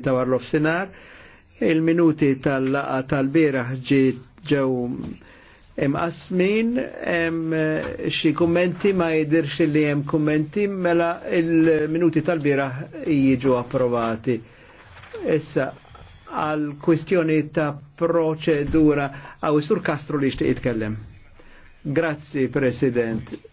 ta' warlof sinar, il-minuti tal-laqa tal-biraħ ġew imqasmin, hemm xi kummenti ma jidirx li hemm kummenti mela il-minuti tal bira jiġu approvati. Issa għal kwistjoni ta' proċedura għaw istur Kastro li jitkellem. Grazzi, President.